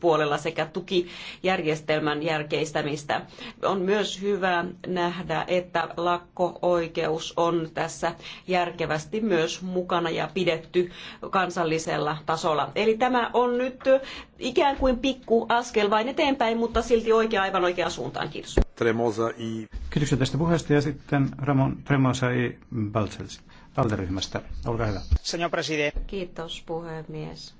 puolella sekä tukijärjestelmän järkeistämistä. On myös hyvä nähdä, että lakko-oikeus on tässä järkevästi myös mukana ja pidetty kansallisella tasolla. Eli tämä on nyt ikään kuin pikku askel vain eteenpäin, mutta silti oikea, aivan oikeaan suuntaan. Kiitos. Tremosa i... tästä puheesta ja sitten Ramon Tremosa i Olkaa hyvä. Kiitos puhemies.